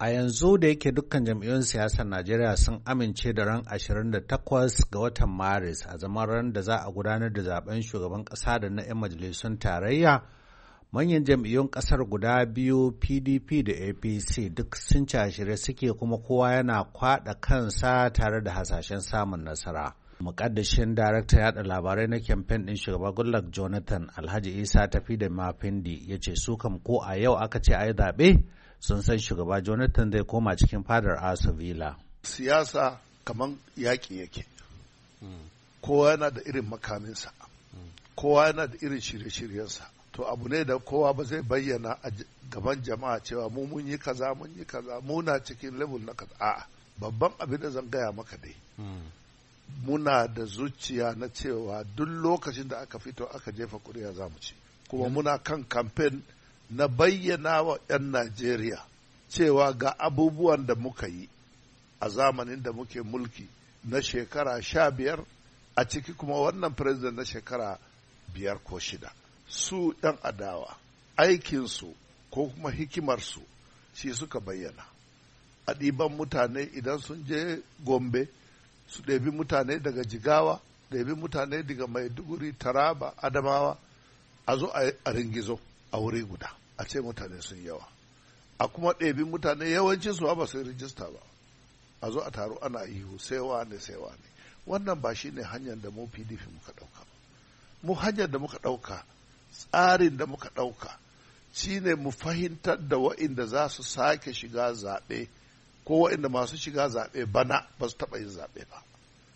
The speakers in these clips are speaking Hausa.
A yanzu da yake dukkan jam'iyyun siyasar Najeriya sun amince da ran 28 ga watan Maris a zaman ran da za a gudanar da zaben shugaban ƙasa da na 'yan majalisun tarayya, manyan jam'iyyun ƙasar guda biyu PDP da APC duk sun cashire suke kuma kowa yana kwaɗa kansa tare da hasashen samun nasara. mukaddashin darakta yada labarai na kyamfen din shugaba gullak jonathan alhaji isa tafi da mafindi ya ce su kam ko a yau aka ce a yi zaɓe sun san shugaba jonathan zai koma cikin fadar Asabila. siyasa kamar yaƙi yake hmm. kowa yana da irin makaminsa hmm. kowa yana da irin shirye-shiryensa to abu ne da kowa ba zai bayyana a gaban jama'a cewa mu mun yi kaza mun yi kaza muna cikin level na kaza a'a babban abin da zan gaya maka dai hmm. muna da zuciya na cewa duk lokacin da aka fito aka jefa kuri'a za mu ci kuma muna kan kamfen na bayyana wa 'yan Najeriya cewa ga abubuwan da muka yi a zamanin da muke mulki na shekara sha biyar a ciki kuma wannan president na shekara biyar ko shida su 'yan adawa aikinsu ko kuma hikimarsu shi suka bayyana a ɗiban mutane idan sun je gombe su ɗabi mutane daga jigawa ɗabi mutane daga maiduguri taraba adamawa a zo a ringizo a wuri guda a ce mutane sun yawa a kuma ɗebin mutane yawancin su ba su rijista ba a zo a taro ana ihu sai ne sai ne wannan ba shi ne hanyar da mu pdp muka ɗauka mu hanyar da muka ɗauka tsarin da muka ɗauka shi ne mu fahimtar da wa'inda za su sake shiga zaɓe ko wa'inda masu shiga zaɓe bana ba su taɓa yin zaɓe ba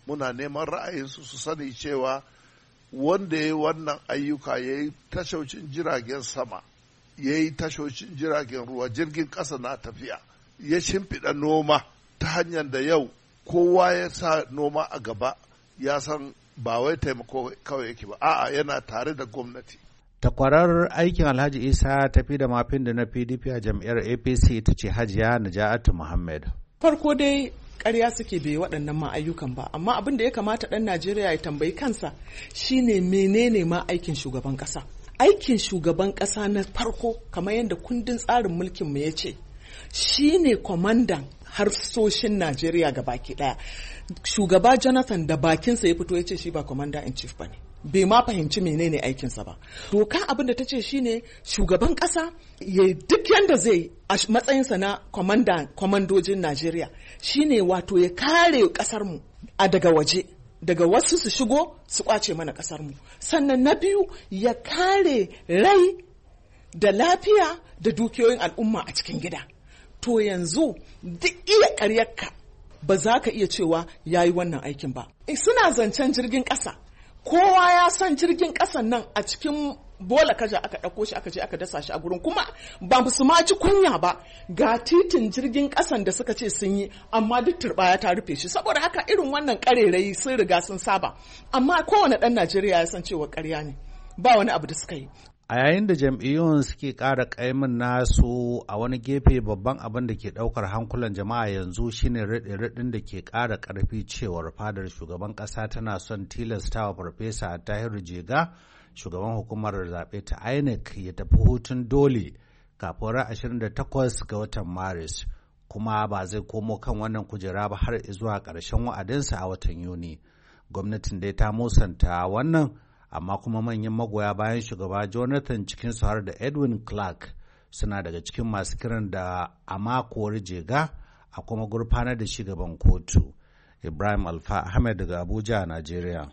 muna neman ra'ayinsu su sani cewa wanda ya yi wannan ayyuka ya yi tashoshin jiragen sama ya yi tashoshin jiragen ruwa jirgin ƙasa na tafiya ya shimfiɗa noma ta hanyar da yau kowa ya sa noma a gaba ya san ba wai taimako kawai yake ba a'a yana tare da gwamnati takwarar aikin alhaji isa tafi da mafin da na pdp a jam'iyyar apc ita ce hajiya naja'atu muhammad farko dai karya suke bai waɗannan ma ba amma abin da ya kamata ɗan najeriya ya tambayi kansa shine menene ma aikin shugaban ƙasa aikin shugaban ƙasa na farko kamar yadda kundin tsarin mulkinmu ya ce shine kwamandan harsoshin Najeriya ga baki daya. Shugaba Jonathan da bakinsa ya fito ya ce shi ba commander in chief ba ne. Bai ma fahimci menene aikinsa ba. Doka abin da ta ce shi ne shugaban ƙasa ya duk yanda zai a matsayinsa na commander kwamandojin Najeriya ne wato ya kare kasar mu a daga waje. daga wasu su shigo su kwace mana kasar mu sannan na biyu ya kare rai da lafiya da dukiyoyin al'umma a cikin gida to yanzu duk iya karyarka ba za ka iya cewa ya yi wannan aikin ba eh, suna zancen jirgin ƙasa kowa ya san jirgin ƙasan nan a cikin bola kaja aka ɗauko shi aka je aka dasa shi a gurin kuma ba su ma ci kunya ba ga titin jirgin ƙasan da suka ce sun yi amma duk turɓaya ta rufe shi saboda haka irin wannan ƙarerayi sun riga sun saba amma kowane ɗan najeriya ya san cewa ƙarya ne ba wani abu da suka yi a yayin da jam'iyyun suke ƙara ƙaimin nasu a wani gefe babban abin da ke ɗaukar hankulan jama'a yanzu shine raɗe-raɗin da ke ƙara karfi cewar fadar shugaban ƙasa tana son tilasta wa farfesa tahiru jega shugaban hukumar zaɓe ta inec ya tafi hutun dole kafin ran 28 ga watan maris kuma ba zai komo kan wannan kujera ba har zuwa ƙarshen wa'adinsa a watan yuni gwamnatin dai ta musanta wannan amma kuma manyan magoya bayan shugaba jonathan cikin har da edwin clark suna daga cikin masu kiran da a makowar jega a kuma gurfanar da shugaban kotu ibrahim alfa ahmed daga abuja a nigeria